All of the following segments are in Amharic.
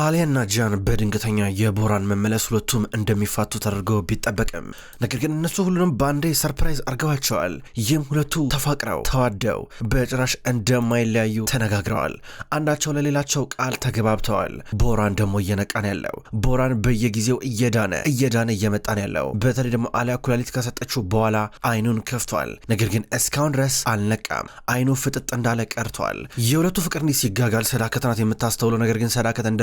አሊያና ጃን በድንገተኛ የቦራን መመለስ ሁለቱም እንደሚፋቱ ተደርገው ቢጠበቅም ነገር ግን እነሱ ሁሉንም በአንዴ ሰርፕራይዝ አድርገዋቸዋል። ይህም ሁለቱ ተፋቅረው ተዋደው በጭራሽ እንደማይለያዩ ተነጋግረዋል። አንዳቸው ለሌላቸው ቃል ተገባብተዋል። ቦራን ደግሞ እየነቃን ያለው ቦራን በየጊዜው እየዳነ እየዳነ እየመጣን ያለው በተለይ ደግሞ አሊያ ኩላሊት ከሰጠችው በኋላ አይኑን ከፍቷል። ነገር ግን እስካሁን ድረስ አልነቃም። አይኑ ፍጥጥ እንዳለ ቀርቷል። የሁለቱ ፍቅር እንዲህ ሲጋጋል ሰዳከት ናት የምታስተውለው። ነገር ግን ሰዳከት እንደ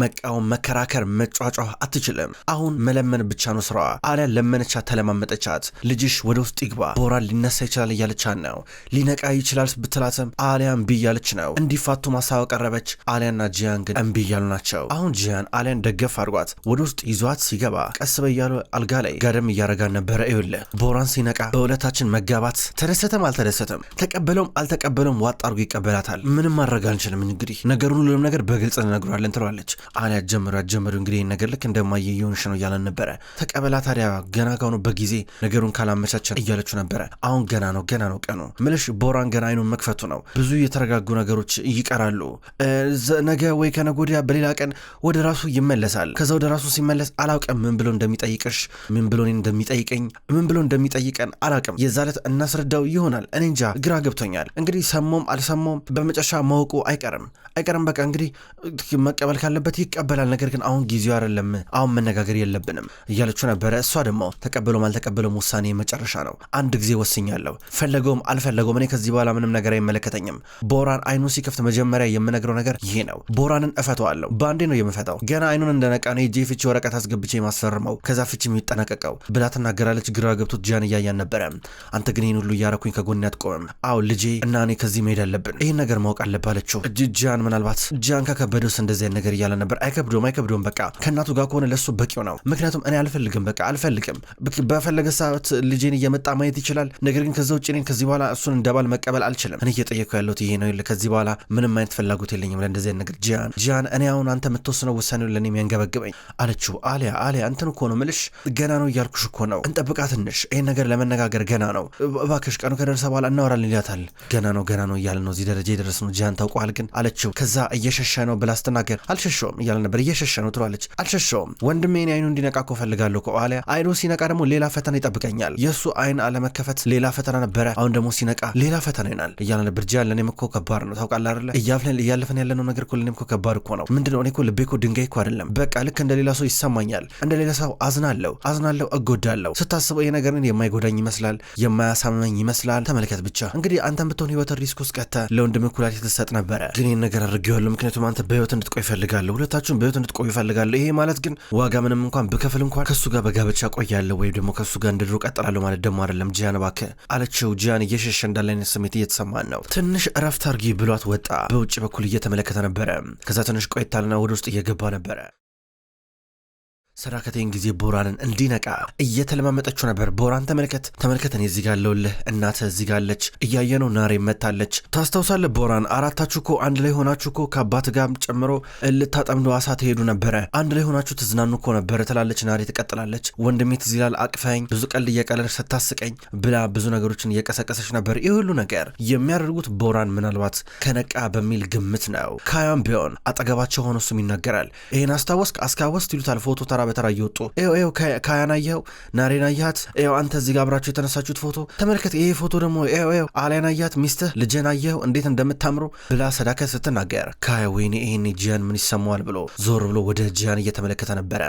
መቃወም፣ መከራከር፣ መጫጫህ አትችልም። አሁን መለመን ብቻ ነው ስራዋ። አሊያ ለመነቻ፣ ተለማመጠቻት። ልጅሽ ወደ ውስጥ ይግባ በወራል ሊነሳ ይችላል እያለቻት ነው። ሊነቃ ይችላል ብትላትም አሊያን እምቢ እያለች ነው። እንዲፋቱ ማሳወቅ ቀረበች። አሊያና ጂያን ግን እምቢ እያሉ ናቸው። አሁን ጂያን አሊያን ደገፍ አድርጓት ወደ ውስጥ ይዟት ሲገባ ቀስ በያሉ አልጋ ላይ ጋደም እያረጋ ነበረ። ይውል ቦራን ሲነቃ በሁለታችን መጋባት ተደሰተም አልተደሰተም ተቀበለውም አልተቀበለውም ዋጣ አድርጎ ይቀበላታል። ምንም ማድረግ አልችልም። እንግዲህ ነገሩን ሁሉንም ነገር በግልጽ እንነግሯለን ትነግረዋለች። አሊያ ጀምሩ ያጀምሩ እንግዲህ ነገር ልክ እንደማየ የሆንሽ ነው እያለን ነበረ። ተቀበላ ታዲያ ገና ጋኑ በጊዜ ነገሩን ካላመቻቸን እያለችው ነበረ። አሁን ገና ነው ገና ነው ቀኑ ምልሽ ቦራን ገና አይኑን መክፈቱ ነው። ብዙ የተረጋጉ ነገሮች ይቀራሉ። ነገ ወይ ከነገ ወዲያ በሌላ ቀን ወደ ራሱ ይመለሳል። ከዛ ወደ ራሱ ሲመለስ አላውቅም ምን ብሎ እንደሚጠይቅሽ፣ ምን ብሎ እንደሚጠይቀኝ፣ ምን ብሎ እንደሚጠይቀን አላውቅም። የዛ ዕለት እናስረዳው ይሆናል። እኔ እንጃ ግራ ገብቶኛል። እንግዲህ ሰሞም አልሰሞም በመጨረሻ ማወቁ አይቀርም አይቀርም። በቃ እንግዲህ መቀበል መቀበል ካለበት ይቀበላል። ነገር ግን አሁን ጊዜው አይደለም፣ አሁን መነጋገር የለብንም እያለችው ነበረ። እሷ ደግሞ ተቀበሎም አልተቀበሎም ውሳኔ መጨረሻ ነው። አንድ ጊዜ ወስኛለሁ፣ ፈለገውም አልፈለገውም እኔ ከዚህ በኋላ ምንም ነገር አይመለከተኝም። ቦራን አይኑን ሲከፍት መጀመሪያ የምነግረው ነገር ይሄ ነው። ቦራንን እፈተዋለሁ። በአንዴ ነው የምፈታው። ገና አይኑን እንደነቃ ነው የጄ ፍቺ ወረቀት አስገብቼ ማስፈርመው ከዛ ፍቺ የሚጠናቀቀው ብላ ትናገራለች። ግራ ገብቶት ጃን እያያን ነበረ። አንተ ግን ይህን ሁሉ እያረኩኝ ከጎን አትቆምም። አዎ ልጄ እና እኔ ከዚህ መሄድ አለብን። ይህን ነገር ማወቅ አለባለችው እጅ ጃን ምናልባት ጃን ከከበደውስ እንደዚህ ነገር ነገር እያለ ነበር። አይከብዶም አይከብዶም፣ በቃ ከእናቱ ጋር ከሆነ ለሱ በቂው ነው። ምክንያቱም እኔ አልፈልግም፣ በቃ አልፈልግም። በፈለገ ሰዓት ልጄን እየመጣ ማየት ይችላል። ነገር ግን ከዛ ውጭ እኔን ከዚህ በኋላ እሱን እንደባል መቀበል አልችልም። እኔ እየጠየኩ ያለሁት ይሄ ነው። ከዚህ በኋላ ምንም አይነት ፍላጎት የለኝም ለእንደዚህ አይነት ነገር። ጂያን ጂያን፣ እኔ አሁን አንተ የምትወስነው ውሳኔ ለእኔ የሚያንገበግበኝ አለችው። አሊያ አሊያ፣ እንትን እኮ ነው ምልሽ፣ ገና ነው እያልኩሽ እኮ ነው። እንጠብቃ ትንሽ፣ ይህን ነገር ለመነጋገር ገና ነው። እባክሽ ቀኑ ከደረሰ በኋላ እናወራለን ይላታል። ገና ነው ገና ነው እያለ ነው እዚህ ደረጃ የደረስነው ጂያን፣ ታውቋል ግን አለችው። ከዛ እየሸሸ ነው ብላ ስትናገር አልሸሸውም እያለ ነበር። እየሸሸ ነው ትሏለች። አልሸሸውም ወንድሜን አይኑ እንዲነቃ እኮ እፈልጋለሁ። ከኋላ አይኑ ሲነቃ ደግሞ ሌላ ፈተና ይጠብቀኛል። የእሱ አይን አለመከፈት ሌላ ፈተና ነበረ። አሁን ደግሞ ሲነቃ ሌላ ፈተና ይሆናል እያለ ነበር። ጃ ለእኔም እኮ ከባድ ነው ታውቃለህ አይደለ? እያለፈን ያለነው ነገር እኮ ለእኔም እኮ ከባድ እኮ ነው። ምንድነው እኔ እኮ ልቤ እኮ ድንጋይ እኮ አይደለም። በቃ ልክ እንደ ሌላ ሰው ይሰማኛል። እንደ ሌላ ሰው አዝናለሁ፣ አዝናለሁ፣ እጎዳለሁ። ስታስበው ይሄ ነገር የማይጎዳኝ ይመስላል፣ የማያሳምመኝ ይመስላል። ተመልከት ብቻ እንግዲህ አንተም ብትሆን ህይወትን ሪስክ ውስጥ ቀጥተህ ለወንድምህ ኩላሊት ትሰጥ ነበረ። ግን ይህን ነገር አድርጌዋለሁ፣ ምክንያቱም አንተ በህይወት እንድትቆይ ፈልግ እፈልጋለሁ፣ ሁለታችሁን በህይወት እንድትቆዩ እፈልጋለሁ። ይሄ ማለት ግን ዋጋ ምንም እንኳን ብከፍል እንኳን ከሱ ጋር በጋብቻ ቆያለሁ ወይም ደግሞ ከሱ ጋር እንድድሮ ቀጥላለሁ ማለት ደግሞ አይደለም። ጂያን እባክህ አለችው። ጂያን እየሸሸ እንዳለ አይነት ስሜት እየተሰማን ነው። ትንሽ እረፍት አርጊ ብሏት ወጣ። በውጭ በኩል እየተመለከተ ነበረ። ከዛ ትንሽ ቆይታልና ወደ ውስጥ እየገባ ነበረ። ሰራከቴን ጊዜ ቦራንን እንዲነቃ እየተለማመጠችው ነበር። ቦራን ተመልከት ተመልከተን እዚህ ጋር አለሁልህ፣ እናትህ እዚህ ጋር አለች፣ እያየነው ናሬ መታለች። ታስታውሳለህ? ቦራን አራታችሁ እኮ አንድ ላይ ሆናችሁ እኮ ከአባት ጋር ጨምሮ ልታጠምዱ አሳ ትሄዱ ነበረ፣ አንድ ላይ ሆናችሁ ትዝናኑ እኮ ነበረ ትላለች ናሬ። ትቀጥላለች፣ ወንድሜ ትዝ ይላል፣ አቅፋኝ፣ ብዙ ቀልድ እየቀለድ ስታስቀኝ ብላ ብዙ ነገሮችን እየቀሰቀሰች ነበር። ይህ ሁሉ ነገር የሚያደርጉት ቦራን ምናልባት ከነቃ በሚል ግምት ነው። ካያም ቢሆን አጠገባቸው ሆኖ እሱም ይናገራል። ይህን አስታወስክ አስካወስክ ይሉታል ፎቶ ተራ በተራ እየወጡ ው ካያን አየኸው፣ ናሬን አያት፣ ው አንተ እዚህ ጋ አብራችሁ የተነሳችሁት ፎቶ ተመልከት። ይሄ ፎቶ ደግሞ ው አሊያን አያት፣ ሚስትህ ልጄን አየኸው እንዴት እንደምታምሩ ብላ ሰዳከት ስትናገር ካያ ወይኔ ይህን ጂያን ምን ይሰማዋል ብሎ ዞር ብሎ ወደ ጂያን እየተመለከተ ነበረ።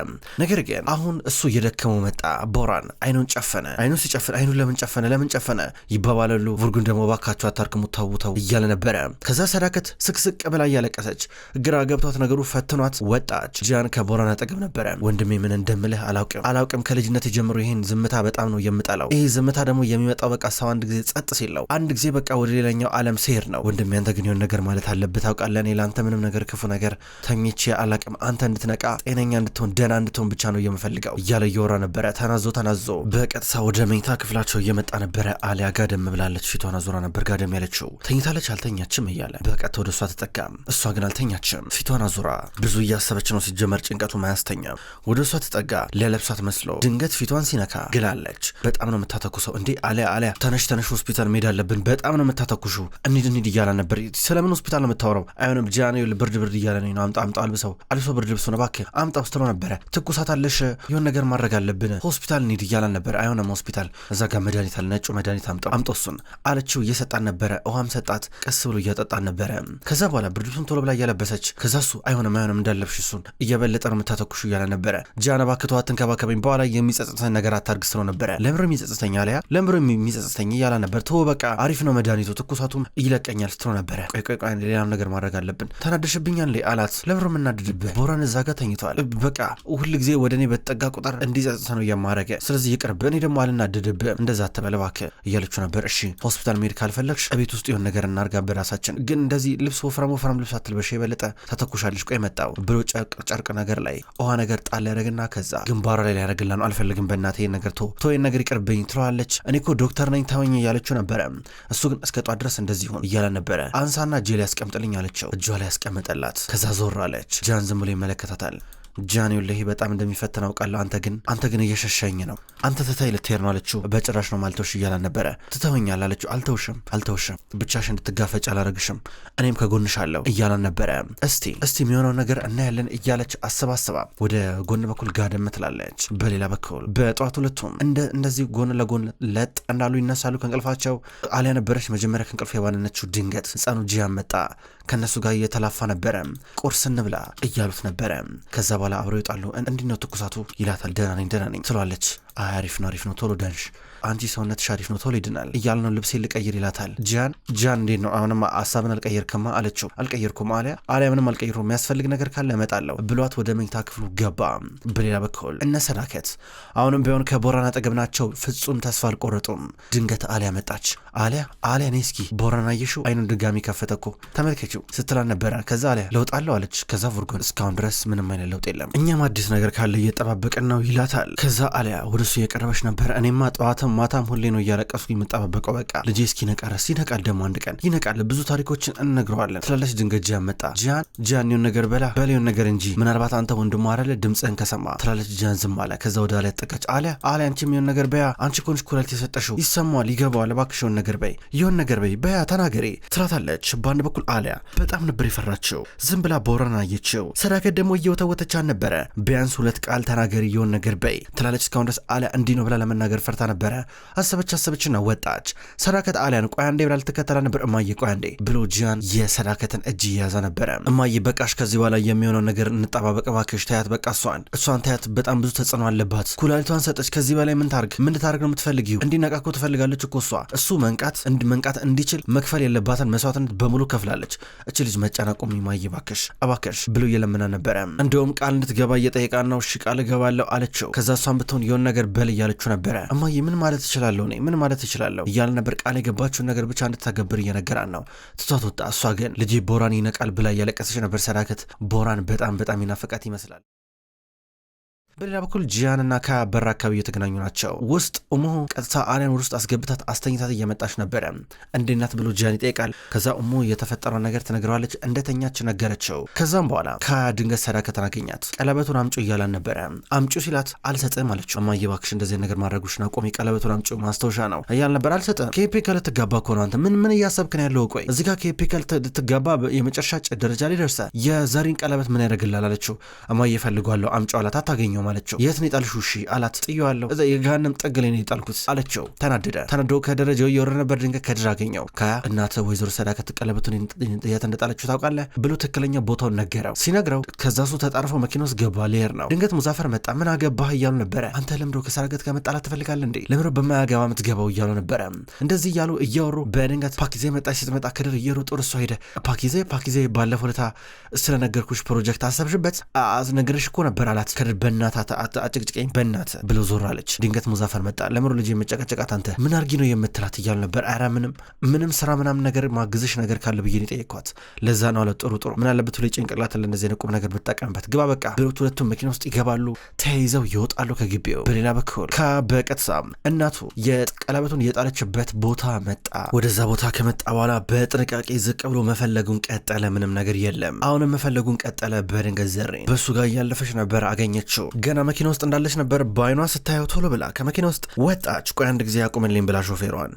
ነገር ግን አሁን እሱ እየደከመው መጣ። ቦራን አይኑን ጨፈነ። አይኑን ሲጨፍን አይኑን ለምን ጨፈነ ለምን ጨፈነ ይባባላሉ። ቡርጉን ደግሞ ባካቸው አታርክሙ፣ ተው እያለ ነበረ። ከዛ ሰዳከት ስቅስቅ ብላ እያለቀሰች ግራ ገብቷት ነገሩ ፈትኗት ወጣች። ጂያን ከቦራን አጠገብ ነበረ። ወንድ ወንድሜ ምን እንደምልህ አላውቅም አላውቅም። ከልጅነት ጀምሮ ይህን ዝምታ በጣም ነው የምጠላው። ይህ ዝምታ ደግሞ የሚመጣው በቃ ሰው አንድ ጊዜ ጸጥ ሲለው አንድ ጊዜ በቃ ወደ ሌላኛው ዓለም ሲሄድ ነው። ወንድሜ አንተ ግን የሆነ ነገር ማለት አለብህ ታውቃለህ። እኔ ለአንተ ምንም ነገር ክፉ ነገር ተኝቼ አላውቅም። አንተ እንድትነቃ፣ ጤነኛ እንድትሆን፣ ደና እንድትሆን ብቻ ነው የምፈልገው እያለ እየወራ ነበረ። ተናዞ ተናዞ በቀጥታ ወደ መኝታ ክፍላቸው እየመጣ ነበረ። አሊያ ጋደም ብላለች፣ ፊቷን አዙራ ነበር ጋደም ያለችው። ተኝታለች አልተኛችም እያለ በቀጥታ ወደ እሷ ተጠጋም። እሷ ግን አልተኛችም፣ ፊቷን አዙራ ብዙ እያሰበች ነው። ሲጀመር ጭንቀቱ ማያስተኛም ወደ እሷ ተጠጋ። ሊያለብሳት መስሎ ድንገት ፊቷን ሲነካ ግላለች። በጣም ነው የምታተኩሰው እንዴ! አሊያ አሊያ፣ ተነሽ ተነሽ፣ ሆስፒታል መሄድ አለብን። በጣም ነው የምታተኩሹ። እንሂድ እንሂድ እያለ ነበር። ስለምን ሆስፒታል ነው የምታወራው? አይሆንም ጃኔ፣ ብርድ ብርድ እያለ ነው። አምጣ አምጣ፣ አልብሰው አልብሰው፣ ብርድ ልብሶ ነው እባክህ አምጣ ውስጥ ነው ነበረ። ትኩሳት አለሽ፣ የሆን ነገር ማድረግ አለብን። ሆስፒታል እንሂድ እያለ ነበር። አይሆንም ሆስፒታል፣ እዛ ጋር መድኃኒት አለ፣ ነጩ መድኃኒት አምጣ አምጣ፣ እሱን አለችው። እየሰጣን ነበረ። ውሃም ሰጣት። ቀስ ብሎ እያጠጣን ነበረ። ከዛ በኋላ ብርድ ልብሱን ቶሎ ብላ እያለበሰች ከዛ እሱ አይሆንም አይሆንም እንዳለብሽ እሱን እየበለጠ ነው የምታተኩሹ እያለ ነበረ። ጂያን እባክህ ተዋት ትንከባከበኝ በኋላ የሚጸጽተን ነገር አታርግ ስለው ነበረ። ለምርም ይጸጽተኛ አለያ ለምርም የሚጸጸተኝ እያላ ነበር። ተወው በቃ አሪፍ ነው መድኃኒቱ ትኩሳቱም ይለቀኛል ስትለው ነበረ። ቆይ ቆይ ቆይ ሌላም ነገር ማድረግ አለብን። ተናደሽብኛል ላይ አላት። ለምርም እናድድብህ ቦራን እዛ ጋር ተኝቷል። በቃ ሁል ጊዜ ወደ እኔ በተጠጋ ቁጥር እንዲጸጸተ ነው እያማረገ። ስለዚህ ይቅርብ እኔ ደግሞ አልናድድብህ እንደዛ አትበል እባክህ እያለችው ነበር። እሺ ሆስፒታል መሄድ ካልፈለግሽ ቤት ውስጥ የሆነ ነገር እናርጋ በራሳችን ግን እንደዚህ ልብስ ወፍራም ወፍራም ልብስ አትልበሽ የበለጠ ተተኩሻለሽ። ቆይ መጣው ብሎ ጨርቅ ነገር ላይ ውሃ ነገር ጣለ ያደረግና ከዛ ግንባሯ ላይ ሊያደረግላ ነው። አልፈልግም፣ በእናት ይህን ነገር ቶ ቶ ይህን ነገር ይቅርብኝ ትለዋለች። እኔ እኮ ዶክተር ነኝ ተወኝ እያለችው ነበረ። እሱ ግን እስከ ጧት ድረስ እንደዚህ ሆን እያለ ነበረ። አንሳና እጄ ላይ ያስቀምጥልኝ አለችው። እጇ ላይ ያስቀምጠላት። ከዛ ዞር አለች። ጂያን ዝም ብሎ ይመለከታታል። ጃኒውን ለይህ በጣም እንደሚፈትን አውቃለሁ። አንተ ግን አንተ ግን እየሸሸኝ ነው። አንተ ትተይ ልትሄድ ነው አለችው። በጭራሽ ነው ማልተውሽ እያላን ነበረ። ትተውኛል አለችው። አልተውሽም አልተውሽም፣ ብቻሽ እንድትጋፈጭ አላረግሽም፣ እኔም ከጎንሽ አለሁ እያላን ነበረ። እስቲ እስቲ የሚሆነው ነገር እናያለን እያለች አሰባስባ ወደ ጎን በኩል ጋደም ትላለች። በሌላ በኩል በጠዋት ሁለቱም እንደዚህ ጎን ለጎን ለጥ እንዳሉ ይነሳሉ ከእንቅልፋቸው። አሊያ ነበረች መጀመሪያ ከእንቅልፍ የባንነችው። ድንገት ህፃኑ ጂያን መጣ። ከእነሱ ጋር እየተላፋ ነበረ። ቁርስ እንብላ እያሉት ነበረ ከዛ በኋላ አብረው ይወጣሉ። እንዲህ ትኩሳቱ ይላታል። ደህና ነኝ ደህና ነኝ ትሏለች። አሪፍ ነው አሪፍ ነው ቶሎ ዳንሽ አንቺ ሰውነትሽ አሪፍ ነው ቶሎ ይድናል እያል ነው ልብሴ ልቀይር ይላታል። ጃን ጃን እንዴት ነው አሁንም ሀሳብን አልቀየርክማ አለችው። አልቀየርኩም አሊያ አሊያ ምንም አልቀይሮ የሚያስፈልግ ነገር ካለ እመጣለሁ ብሏት ወደ መኝታ ክፍሉ ገባ። በሌላ በኩል እነ ሰዳከት አሁንም ቢሆን ከቦራና አጠገብ ናቸው። ፍጹም ተስፋ አልቆረጡም። ድንገት አሊያ መጣች። አሊያ አሊያ እኔ እስኪ ቦራና አየሽው አይኑን ድጋሚ ከፈተ እኮ ተመልከችው ስትላል ነበረ። ከዛ አሊያ ለውጣለሁ አለች። ከዛ ፉርጎን እስካሁን ድረስ ምንም አይነት ለውጥ የለም እኛም አዲስ ነገር ካለ እየጠባበቅን ነው ይላታል። ከዛ አሊያ ወደ ጁስ እየቀረበች ነበር። እኔማ ጠዋትም ማታም ሁሌ ነው እያለቀሱ የምጠባበቀው። በቃ ልጄ እስኪነቃረ ሲነቃል ደግሞ አንድ ቀን ይነቃል ብዙ ታሪኮችን እንነግረዋለን ትላለች። ድንገት ጂያን መጣ። ጂያን ጂያን የሆነ ነገር በላ በሌውን ነገር እንጂ ምናልባት አንተ ወንድሟ አይደለ ድምፅህን ከሰማ ትላለች። ጂያን ዝም አለ። ከዛ ወደ አሊያ ጠቀች። አሊያ አሊያ አንቺ የሆነ ነገር በያ አንቺ ኮንሽ ኩላሊት የሰጠሽው ይሰማዋል፣ ይገባዋል። እባክሽ የሆነ ነገር በይ የሆነ ነገር በይ በያ ተናገሬ ትላታለች። በአንድ በኩል አሊያ በጣም ነበር የፈራችው። ዝም ብላ ቦራን አየችው። ሰዳከት ደግሞ እየወተወተቻን ነበረ። ቢያንስ ሁለት ቃል ተናገሪ የሆነ ነገር በይ ትላለች። እስካሁን ድረስ አለ። እንዲህ ነው ብላ ለመናገር ፈርታ ነበረ። አሰበች አሰበችና ወጣች። ሰዳከት አሊያን ቆይ አንዴ ብላ ልትከተላ ነበር። እማዬ ቆይ አንዴ ብሎ ጂያን የሰዳከትን እጅ እየያዘ ነበረ። እማዬ በቃሽ፣ ከዚህ በኋላ የሚሆነው ነገር እንጠባበቅ እባክሽ። ታያት በቃ እሷን እሷን ታያት፣ በጣም ብዙ ተጽዕኖ አለባት። ኩላሊቷን ሰጠች። ከዚህ በላይ ምን ታርግ? ምን ልታርግ ነው የምትፈልጊው? እንዲነቃ እኮ ትፈልጋለች እኮ እሷ። እሱ መንቃት መንቃት እንዲችል መክፈል የለባትን መስዋዕትነት በሙሉ ከፍላለች። እች ልጅ መጨናቆም እማዬ እባክሽ እባክሽ ብሎ እየለመና ነበረ። እንደውም ቃል እንድትገባ እየጠየቃ ነው። እሺ ቃል እገባለሁ አለችው። ከዛ እሷን ብትሆን የሆነ ነገር በል እያለችው ነበረ። እማዬ ምን ማለት እችላለሁ እኔ ምን ማለት እችላለሁ እያለ ነበር። ቃል የገባችውን ነገር ብቻ እንድታገብር እየነገራን ነው። ትቷት ወጣ። እሷ ግን ልጄ ቦራን ይነቃል ብላ እያለቀሰች ነበር። ሰዳከት ቦራን በጣም በጣም ይናፈቃት ይመስላል። በሌላ በኩል ጂያን እና ከበር አካባቢ እየተገናኙ ናቸው። ውስጥ ኡሞ ቀጥታ አሊያን ወደ ውስጥ አስገብታት አስተኝታት እየመጣች ነበረ። እንዴት ናት ብሎ ጂያን ይጠይቃል። ከዛ ኡሞ የተፈጠረው ነገር ትነግረዋለች። እንደተኛች ነገረችው። ከዛም በኋላ ካያ ከድንገት ሰዳከትን አገኛት። ቀለበቱን አምጩ እያላን ነበረ። አምጩ ሲላት አልሰጥም አለችው። እማዬ እባክሽ እንደዚህ ነገር ማድረጉሽን አቁሚ፣ ቀለበቱን አምጩ ማስታወሻ ነው እያል ነበር። አልሰጥም። ከኤፒ ጋር ልትጋባ እኮ ነው። አንተ ምን ምን እያሰብክን ያለው? ቆይ እዚህ ጋር ከኤፒ ጋር ልትጋባ የመጨረሻ ደረጃ ላይ ደርሰ የዘሪን ቀለበት ምን ያደርግላል አለችው። እማዬ እፈልገዋለሁ አምጩ አላት። አታገኘውም አለችው። የት ነው የጣልሽው? እሺ አላት። ጥየዋለሁ፣ እዛ የገሃነም ጠግ ላይ ነው የጣልኩት አለችው። ተናደደ። ተናዶ ከደረጃው እየወረደ ነበር። ድንገት ከድር አገኘው። ከያ እናተ ወይዘሮ ሰዳከት ቀለበቱን የት እንደጣለችው ታውቃለህ ብሎ ትክክለኛ ቦታውን ነገረው። ሲነግረው ከዛ ሱ ተጣርፎ መኪና ውስጥ ገባ። ሌር ነው ድንገት ሙዛፈር መጣ። ምን አገባህ እያሉ ነበረ። አንተ ለምዶ ከሰዳከት ጋር መጣላት ትፈልጋለህ እንዴ? ለምዶ በማያገባ ምትገባው እያሉ ነበረ። እንደዚህ እያሉ እያወሩ በድንገት ፓኪዜ መጣ። ስትመጣ ከድር እየሮጡ እርሷ ሄደ። ፓኪዜ ፓኪዜ፣ ባለፈው ለታ ስለነገርኩሽ ፕሮጀክት አሰብሽበት አስነገርሽ እኮ ነበር አላት። ከድር በእናትህ አጭቅጭቀኝ በእናት ብሎ ዞር አለች። ድንገት ሙዛፈር መጣ። ለምሮ ልጅ የመጨቀጨቃት አንተ ምን አርጊ ነው የምትላት እያሉ ነበር። ኧረ ምንም ምንም ስራ ምናምን ነገር ማግዝሽ ነገር ካለ ብዬ ነው ለዛ ነው አለ። ጥሩ ጥሩ፣ ምን አለበት ሁሌ ጭንቅላት ለእነዚህ ቁም ነገር ብትጠቀምበት። ግባ በቃ ብሎት ሁለቱም መኪና ውስጥ ይገባሉ። ተያይዘው ይወጣሉ ከግቢው። በሌላ በኩል ከበቀት እናቱ የቀለበቱን የጣለችበት ቦታ መጣ። ወደዛ ቦታ ከመጣ በኋላ በጥንቃቄ ዝቅ ብሎ መፈለጉን ቀጠለ። ምንም ነገር የለም። አሁንም መፈለጉን ቀጠለ። በድንገት ዘሬ በሱ ጋር እያለፈች ነበር፣ አገኘችው ገና መኪና ውስጥ እንዳለች ነበር በአይኗ ስታየው ቶሎ ብላ ከመኪና ውስጥ ወጣች። ቆይ አንድ ጊዜ ያቁምልኝ ብላ ሾፌሯን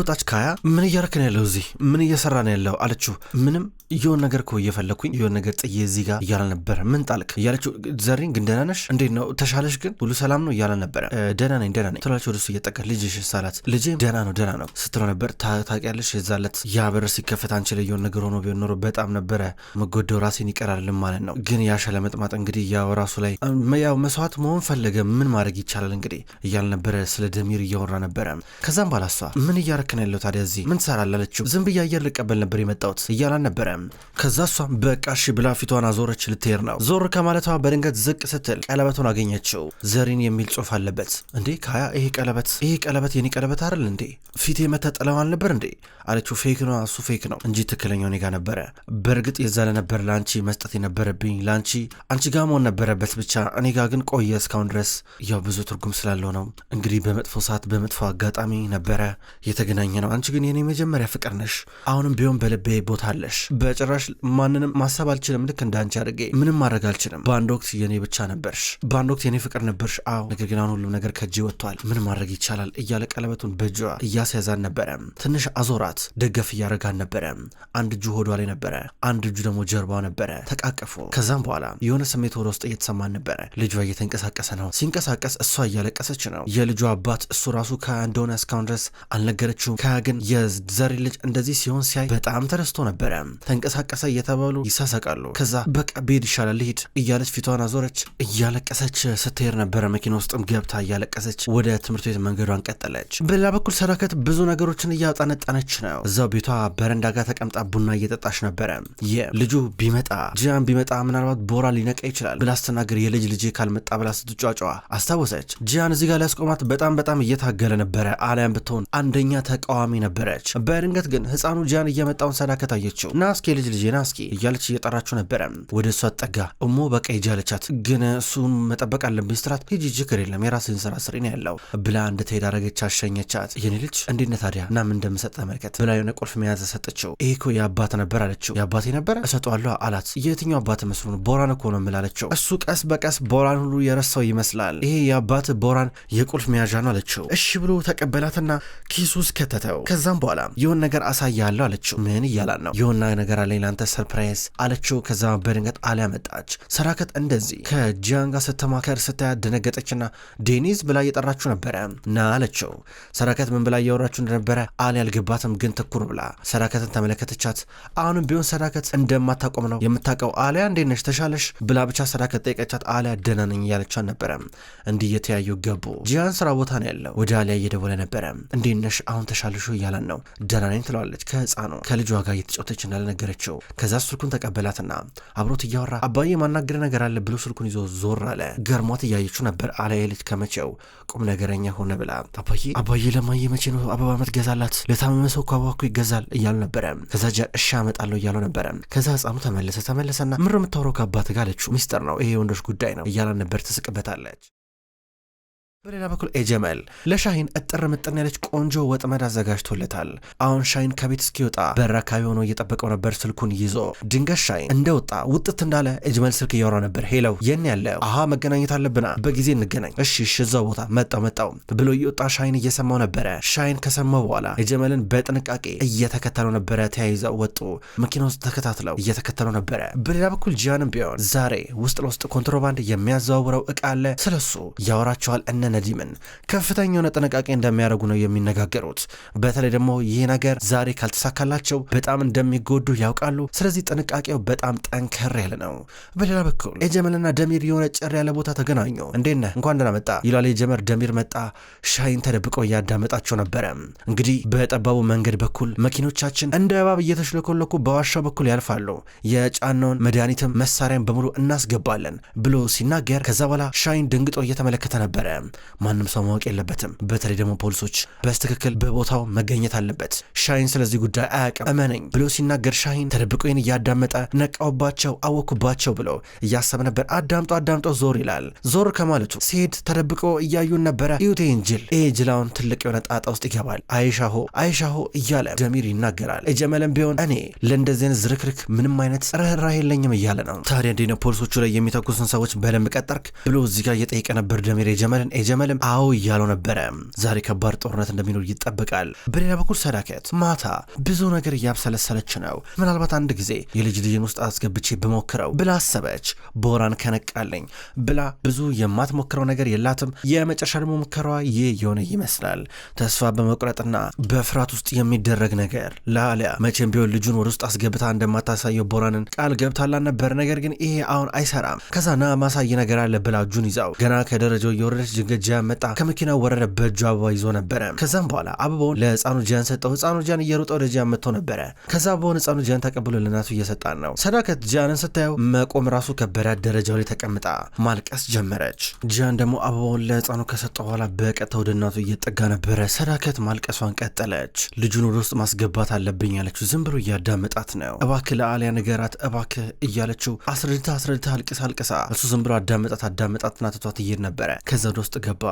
ወጣች ካያ ምን እያረክን ያለው እዚህ ምን እየሰራ ነው ያለው አለችው። ምንም የሆን ነገር እኮ እየፈለግኩኝ የሆን ነገር ጥዬ እዚህ ጋር እያለ ነበረ። ምን ጣልክ እያለችው፣ ዘሪን ግን ደህና ነሽ? እንዴት ነው ተሻለሽ? ግን ሁሉ ሰላም ነው እያለ ነበረ። ደህና ነኝ ደህና ነኝ ትላለች ወደሱ እየጠቀች። ልጅሽ ሳላት ልጄ ደህና ነው ደህና ነው ስትለው ነበር። ታውቂያለሽ የዛለት ያበር ሲከፈት አንቺ ላይ የሆነ ነገር ሆኖ ቢሆን ኖሮ በጣም ነበረ መጎደው ራሴን ይቀራልም ማለት ነው። ግን ያሸ ለመጥማጥ እንግዲህ ያው ራሱ ላይ ያው መስዋዕት መሆን ፈለገ። ምን ማድረግ ይቻላል እንግዲህ እያለ ነበረ። ስለ ደሚር እያወራ ነበረ። ከዛም ባላሷ ምን እያረክን ያለው ታዲያ እዚህ ምን ትሰራላለችው? ዝም ብዬ አየር ልቀበል ነበር የመጣሁት እያላን ነበረ ከዛ እሷም በቃ ብላ ፊቷን አዞረች። ልትሄድ ነው። ዞር ከማለቷ በድንገት ዝቅ ስትል ቀለበቱን አገኘችው። ዘሪን የሚል ጽሑፍ አለበት። እንዴ ካያ፣ ይሄ ቀለበት ይሄ ቀለበት የኔ ቀለበት አይደል እንዴ? ፊቴ መተጠለው አልነበር እንዴ አለችው። ፌክ ነው እሱ ፌክ ነው እንጂ ትክክለኛው እኔ ጋ ነበረ። በእርግጥ የዛ ለነበር ለአንቺ መስጠት የነበረብኝ ለአንቺ አንቺ ጋ መሆን ነበረበት ብቻ እኔ ጋ ግን ቆየ እስካሁን ድረስ ያው ብዙ ትርጉም ስላለው ነው እንግዲህ በመጥፎ ሰዓት በመጥፎ አጋጣሚ ነበረ የተገናኘ ነው። አንቺ ግን የኔ መጀመሪያ ፍቅር ነሽ። አሁንም ቢሆን በልቤ ቦታ አለሽ። በጭራሽ ማንንም ማሰብ አልችልም። ልክ እንዳንቺ አድርጌ ምንም ማድረግ አልችልም። በአንድ ወቅት የኔ ብቻ ነበርሽ፣ በአንድ ወቅት የኔ ፍቅር ነበርሽ። አዎ፣ ነገር ግን አሁን ሁሉም ነገር ከእጅ ወጥቷል። ምን ማድረግ ይቻላል እያለ ቀለበቱን በእጇ እያስያዛን ነበረ። ትንሽ አዞራት፣ ደገፍ እያደረጋን ነበረ። አንድ እጁ ሆዷ ላይ ነበረ፣ አንድ እጁ ደግሞ ጀርባ ነበረ። ተቃቀፉ። ከዛም በኋላ የሆነ ስሜት ወደ ውስጥ እየተሰማን ነበረ። ልጇ እየተንቀሳቀሰ ነው። ሲንቀሳቀስ እሷ እያለቀሰች ነው። የልጇ አባት እሱ ራሱ ከያ እንደሆነ እስካሁን ድረስ አልነገረችውም። ከያ ግን የዘሬ ልጅ እንደዚህ ሲሆን ሲያይ በጣም ተደስቶ ነበረ። ተንቀሳቀሰ እየተባሉ ይሳሳቃሉ። ከዛ በቃ ብሄድ ይሻላል ልሂድ እያለች ፊቷን አዞረች። እያለቀሰች ስትሄድ ነበረ። መኪና ውስጥም ገብታ እያለቀሰች ወደ ትምህርት ቤት መንገዷን ቀጠለች። በሌላ በኩል ሰዳከት ብዙ ነገሮችን እያጠነጠነች ነው። እዛው ቤቷ በረንዳ ጋር ተቀምጣ ቡና እየጠጣች ነበረ። የልጁ ቢመጣ ጂያን ቢመጣ ምናልባት ቦራ ሊነቃ ይችላል ብላ ስትናገር የልጅ ልጅ ካልመጣ ብላ ስትጫጫዋ አስታወሰች። ጂያን እዚህ ጋር ሊያስቆማት በጣም በጣም እየታገለ ነበረ። አሊያም ብትሆን አንደኛ ተቃዋሚ ነበረች። በድንገት ግን ህፃኑ ጂያን እየመጣውን ሰዳከት አየችው። ና እስኪ ልጅ ልጅ እስኪ እያለች እየጠራችው ነበረ። ወደ እሷ ጠጋ። እሞ በቃ ሂጂ አለቻት። ግን እሱን መጠበቅ አለብኝ ስትላት ሂጂ ችግር የለም የራስህን ስራ ስሪ ነው ያለው ብላ እንድትሄድ አረገች፣ አሸኘቻት። የኔ ልጅ እንዴት ነህ ታዲያ እናም እንደምሰጥ ተመልከት ብላ የሆነ ቁልፍ መያዝ ሰጠችው። ይሄ እኮ የአባት ነበር አለችው። የአባቴ ነበረ እሰጠዋለሁ አላት። የትኛው አባት መስሉ ነው ቦራን እኮ ነው ምላለችው። እሱ ቀስ በቀስ ቦራን ሁሉ የረሳው ይመስላል። ይሄ የአባት ቦራን የቁልፍ መያዣ ነው አለችው። እሺ ብሎ ተቀበላትና ኪሱ ውስጥ ከተተው። ከዛም በኋላ የሆን ነገር አሳያለሁ አለችው። ምን እያላን ነው የሆና ነገር ነገር አለኝ ለአንተ ሰርፕራይዝ አለችው። ከዛ በድንገት አሊያ መጣች። ሰራከት እንደዚህ ከጂያን ጋር ስትማከር ስታያት ደነገጠችና ዴኒዝ ብላ እየጠራችሁ ነበረ ና አለችው። ሰራከት ምን ብላ እያወራችሁ እንደነበረ አሊያ አልገባትም፣ ግን ትኩር ብላ ሰራከትን ተመለከተቻት። አሁንም ቢሆን ሰራከት እንደማታቆም ነው የምታውቀው። አሊያ እንዴት ነሽ ተሻለሽ ብላ ብቻ ሰራከት ጠየቀቻት። አሊያ ደህና ነኝ እያለቻት ነበረ። እንዲህ እየተያዩ ገቡ። ጂያን ስራ ቦታ ነው ያለው። ወደ አሊያ እየደወለ ነበረ። እንዴት ነሽ አሁን ተሻለሹ እያለን ነው። ደህና ነኝ ትለዋለች። ከህፃኑ ከልጇ ጋር እየተጫወተች እንዳለ ነገረችው። ከዛ ስልኩን ተቀበላትና አብሮት እያወራ አባዬ ማናገር ነገር አለ ብሎ ስልኩን ይዞ ዞር አለ። ገርሟት እያየችው ነበር። አለያ ልጅ ከመቼው ቁም ነገረኛ ሆነ ብላ አባዬ አባዬ ለማየ መቼ ነው አበባ መትገዛላት? ለታመመ ሰው እኮ አበባ እኮ ይገዛል እያሉ ነበረ። ከዛ እሺ አመጣለሁ እያሉ ነበረ። ከዛ ህፃኑ ተመለሰ ተመለሰና ምሮ የምታወራው ከአባት ጋር አለችው። ሚስጥር ነው ይሄ የወንዶች ጉዳይ ነው እያላን ነበር። ትስቅበታለች። በሌላ በኩል ኤጀመል ለሻሂን እጥር ምጥን ያለች ቆንጆ ወጥመድ አዘጋጅቶለታል። አሁን ሻሂን ከቤት እስኪወጣ በር አካባቢ ሆኖ እየጠበቀው ነበር ስልኩን ይዞ። ድንገት ሻሂን እንደወጣ ውጥት እንዳለ ኤጀመል ስልክ እያወራ ነበር። ሄለው የን ያለ አሀ መገናኘት አለብና በጊዜ እንገናኝ። እሺ እሺ እዛው ቦታ መጣው መጣው ብሎ እየወጣ ሻሂን እየሰማው ነበረ። ሻሂን ከሰማው በኋላ ኤጀመልን በጥንቃቄ እየተከተለው ነበረ። ተያይዘው ወጡ። መኪና ውስጥ ተከታትለው እየተከተለው ነበረ። በሌላ በኩል ጂያንም ቢሆን ዛሬ ውስጥ ለውስጥ ኮንትሮባንድ የሚያዘዋውረው እቃ አለ። ስለሱ ያወራቸዋል እነ ነዲምን ከፍተኛ ጥንቃቄ እንደሚያደርጉ ነው የሚነጋገሩት። በተለይ ደግሞ ይህ ነገር ዛሬ ካልተሳካላቸው በጣም እንደሚጎዱ ያውቃሉ። ስለዚህ ጥንቃቄው በጣም ጠንከር ያለ ነው። በሌላ በኩል ኤጀመልና ደሚር የሆነ ጭር ያለ ቦታ ተገናኙ። እንዴት ነህ? እንኳን ደህና መጣ ይሏል ደሚር መጣ። ሻይን ተደብቆ እያዳመጣቸው ነበረ። እንግዲህ በጠባቡ መንገድ በኩል መኪኖቻችን እንደ እባብ እየተሽለኮለኩ በዋሻው በኩል ያልፋሉ። የጫነውን መድኃኒትም መሳሪያን በሙሉ እናስገባለን ብሎ ሲናገር ከዛ በኋላ ሻይን ድንግጦ እየተመለከተ ነበረ። ማንም ሰው ማወቅ የለበትም። በተለይ ደግሞ ፖሊሶች በስትክክል በቦታው መገኘት አለበት። ሻሂን ስለዚህ ጉዳይ አያውቅም እመነኝ ብሎ ሲናገር ሻሂን ተደብቆይን እያዳመጠ ነቃውባቸው፣ አወኩባቸው ብሎ እያሰበ ነበር። አዳምጦ አዳምጦ ዞር ይላል። ዞር ከማለቱ ሲሄድ ተደብቆ እያዩን ነበረ። ኢዩቴን ጅል ይህ ጅላውን ትልቅ የሆነ ጣጣ ውስጥ ይገባል። አይሻሆ አይሻሆ እያለ ደሚር ይናገራል። እጀመለም ቢሆን እኔ ለእንደዚህ አይነት ዝርክርክ ምንም አይነት ርኅራኄ የለኝም እያለ ነው። ታዲያ እንዴት ነው ፖሊሶቹ ላይ የሚተኩስን ሰዎች በደንብ ቀጠርክ ብሎ እዚህ ጋር እየጠየቀ ነበር ደሚር የጀመልን ጀመልም አዎ እያለው ነበረ። ዛሬ ከባድ ጦርነት እንደሚኖር ይጠበቃል። በሌላ በኩል ሰዳከት ማታ ብዙ ነገር እያብሰለሰለች ነው። ምናልባት አንድ ጊዜ የልጅ ልጅን ውስጥ አስገብቼ ብሞክረው ብላ አሰበች። ቦራን ከነቃለኝ ብላ ብዙ የማትሞክረው ነገር የላትም። የመጨረሻ ደግሞ ሙከሯ ይህ የሆነ ይመስላል። ተስፋ በመቁረጥና በፍርሃት ውስጥ የሚደረግ ነገር ለአሊያ መቼም ቢሆን ልጁን ወደ ውስጥ አስገብታ እንደማታሳየው ቦራንን ቃል ገብታላን ነበር። ነገር ግን ይሄ አሁን አይሰራም። ከዛ ና ማሳይ ነገር አለ ብላ እጁን ይዛው ገና ከደረጃው እየወረደች ድንገት ደረጃ መጣ። ከመኪና ወረደ። በእጁ አበባ ይዞ ነበረ። ከዛም በኋላ አበባውን ለህፃኑ ጃን ሰጠው። ህፃኑ ጃን እየሮጠ ወደ ጃን መጥቶ ነበረ። ከዛ አበባውን ህፃኑ ጃን ተቀብሎ ለእናቱ እየሰጣን ነው። ሰዳከት ጃንን ስታየው መቆም ራሱ ከበዳት። ደረጃው ላይ ተቀምጣ ማልቀስ ጀመረች። ጃን ደግሞ አበባውን ለህፃኑ ከሰጠው በኋላ በቀጥታ ወደ እናቱ እየጠጋ ነበረ። ሰዳከት ማልቀሷን ቀጠለች። ልጁን ወደ ውስጥ ማስገባት አለብኝ ያለችው ዝም ብሎ እያዳመጣት ነው። እባክህ ለአሊያ ነገራት እባክህ እያለችው አስረድታ አስረድታ አልቅሳ አልቅሳ እሱ ዝም ብሎ አዳመጣት አዳመጣትና ትቷት እየሄድ ነበረ። ከዛ ወደ ውስጥ ገባ ገባ።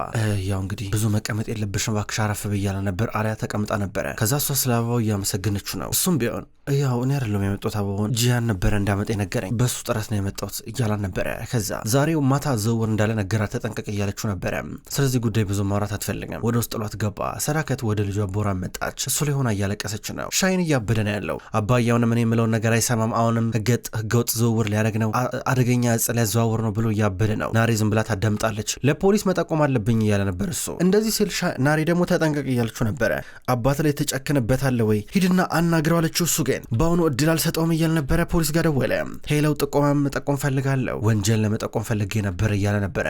ያው እንግዲህ ብዙ መቀመጥ የለብሽም እባክሽ አረፍ ብያለ ነበር። አሪያ ተቀምጣ ነበረ። ከዛ እሷ ስለ አበባው እያመሰገነችው ነው። እሱም ቢሆን ያው እኔ አይደለም የመጣሁት አበባውን ጂያን ነበረ እንዳመጣ የነገረኝ በሱ ጥረት ነው የመጣሁት እያላን ነበረ። ከዛ ዛሬው ማታ ዘውር እንዳለ ነገራት ተጠንቀቅ እያለችው ነበረ። ስለዚህ ጉዳይ ብዙ ማውራት አትፈልግም። ወደ ውስጥ ጥሏት ገባ። ሰዳከት ወደ ልጇ ቦራ መጣች። እሱ ላይ ሆና እያለቀሰች ነው። ሻይን እያበደ ነው ያለው። አባዬ አሁንም እኔ የምለውን ነገር አይሰማም። አሁንም ህገጥ ህገወጥ ዝውውር ሊያደርግ ነው። አደገኛ እጽ ሊያዘዋውር ነው ብሎ እያበደ ነው። ናሬ ዝም ብላ ታዳምጣለች። ለፖሊስ መጠቆም አለብኝ እያለ ነበር እሱ። እንደዚህ ሲል ናሬ ደግሞ ተጠንቀቅ እያለችው ነበረ። አባት ላይ ተጨክንበታለ ወይ ሂድና አናግረዋለችው እሱ ግን በአሁኑ እድል አልሰጠውም እያል ነበረ። ፖሊስ ጋር ደወለ። ሄለው ጥቆማም መጠቆም ፈልጋለሁ፣ ወንጀል ለመጠቆም ፈልጌ ነበር እያለ ነበረ።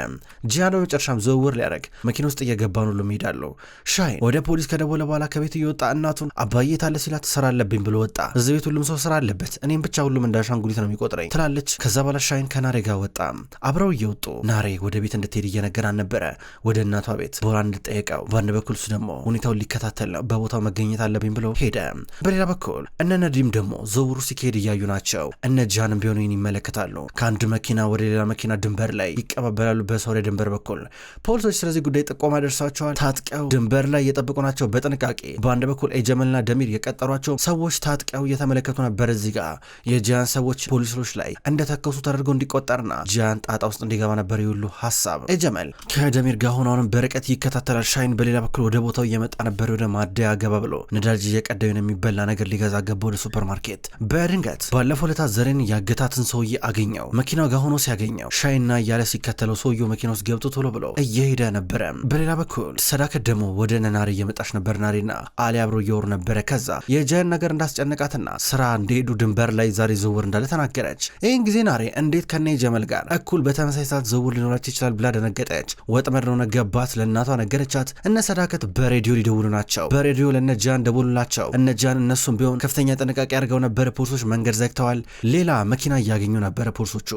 ጂሃን በመጨረሻም ዝውውር ሊያደርግ መኪና ውስጥ እየገባን ሁሉ ሄዳለሁ። ሻይ ወደ ፖሊስ ከደወለ በኋላ ከቤት እየወጣ እናቱን አባዬ ታለ ሲላት ስራ አለብኝ ብሎ ወጣ። እዚህ ቤት ሁሉም ሰው ስራ አለበት፣ እኔም ብቻ ሁሉም እንዳሻንጉሊት ነው የሚቆጥረኝ ትላለች። ከዛ በኋላ ሻይን ከናሬ ጋር ወጣ። አብረው እየወጡ ናሬ ወደ ቤት እንድትሄድ እየነገራን ነበረ፣ ወደ እናቷ ቤት በኋላ እንድጠየቀው። በአንድ በኩል እሱ ደግሞ ሁኔታውን ሊከታተል ነው፣ በቦታው መገኘት አለብኝ ብሎ ሄደ። በሌላ በኩል እነነ ነዲም ደግሞ ዘውሩ ሲካሄድ እያዩ ናቸው። እነ ጃንም ቢሆኑ ይህን ይመለከታሉ። ከአንድ መኪና ወደ ሌላ መኪና ድንበር ላይ ይቀባበላሉ። በሳውዲ ድንበር በኩል ፖሊሶች ስለዚህ ጉዳይ ጥቆማ ደርሳቸዋል። ታጥቀው ድንበር ላይ የጠበቁ ናቸው በጥንቃቄ በአንድ በኩል ኤጀመልና ደሚር የቀጠሯቸው ሰዎች ታጥቀው እየተመለከቱ ነበር። እዚህ ጋ የጃን ሰዎች ፖሊሶች ላይ እንደተከሱ ተደርገው እንዲቆጠርና ጃን ጣጣ ውስጥ እንዲገባ ነበር የሁሉ ሀሳብ። ኤጀመል ከደሚር ጋር ሆኖ አሁንም በርቀት ይከታተላል። ሻይን በሌላ በኩል ወደ ቦታው እየመጣ ነበር። ወደ ማደያ ገባ ብሎ ነዳጅ እየቀዳዩን የሚበላ ነገር ሊገዛ ገባ ወደ ሱፐርማርኬት በድንገት ባለፈው ዕለት ዘሬን ያገታትን ሰውዬ አገኘው። መኪናው ጋር ሆኖ ሲያገኘው ሻይና እያለ ሲከተለው ሰውየው መኪና ውስጥ ገብቶ ቶሎ ብሎ እየሄደ ነበረ። በሌላ በኩል ሰዳከት ደግሞ ወደ ነናሪ እየመጣች ነበር። ናሪና አሊ አብሮ እየወሩ ነበረ። ከዛ የጃን ነገር እንዳስጨነቃትና ስራ እንደሄዱ ድንበር ላይ ዛሬ ዝውውር እንዳለ ተናገረች። ይህን ጊዜ ናሬ እንዴት ከነ ጀመል ጋር እኩል በተመሳሳይ ሰዓት ዝውውር ሊኖራቸው ይችላል ብላ ደነገጠች። ወጥመድ ነው ነገባት። ለእናቷ ነገረቻት። እነ ሰዳከት በሬዲዮ ሊደውሉ ናቸው። በሬዲዮ ለነ ጃን ደውሉላቸው። እነ ጃን እነሱም ቢሆን ከፍተኛ ጥን ጥንቃቄ አድርገው ነበረ። ፖሊሶች መንገድ ዘግተዋል። ሌላ መኪና እያገኙ ነበረ ፖሊሶቹ።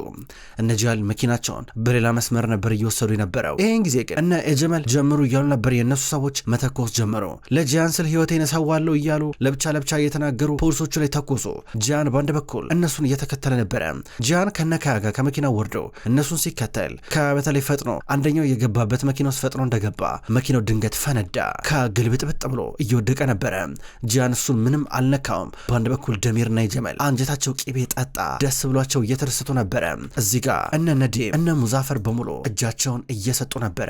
እነ ጃል መኪናቸውን በሌላ መስመር ነበር እየወሰዱ የነበረው። ይህን ጊዜ ግን እነ ኤጀመል ጀምሩ እያሉ ነበር የእነሱ ሰዎች መተኮስ ጀምሩ ለጂያን ስል ህይወቴን እሰዋለሁ እያሉ ለብቻ ለብቻ እየተናገሩ ፖሊሶቹ ላይ ተኮሱ። ጂያን በአንድ በኩል እነሱን እየተከተለ ነበረ። ጂያን ከነካያ ጋር ከመኪና ወርዶ እነሱን ሲከተል ካያ በተለይ ፈጥኖ አንደኛው የገባበት መኪና ውስጥ ፈጥኖ እንደገባ መኪናው ድንገት ፈነዳ። ከግልብጥብጥ ብሎ እየወደቀ ነበረ። ጂያን እሱን ምንም አልነካውም። በአንድ በኩል ደሚርና ጀመል አንጀታቸው ቂቤ ጠጣ፣ ደስ ብሏቸው እየተደሰቱ ነበረ። እዚህ ጋር እነ ነዲም እነ ሙዛፈር በሙሉ እጃቸውን እየሰጡ ነበረ።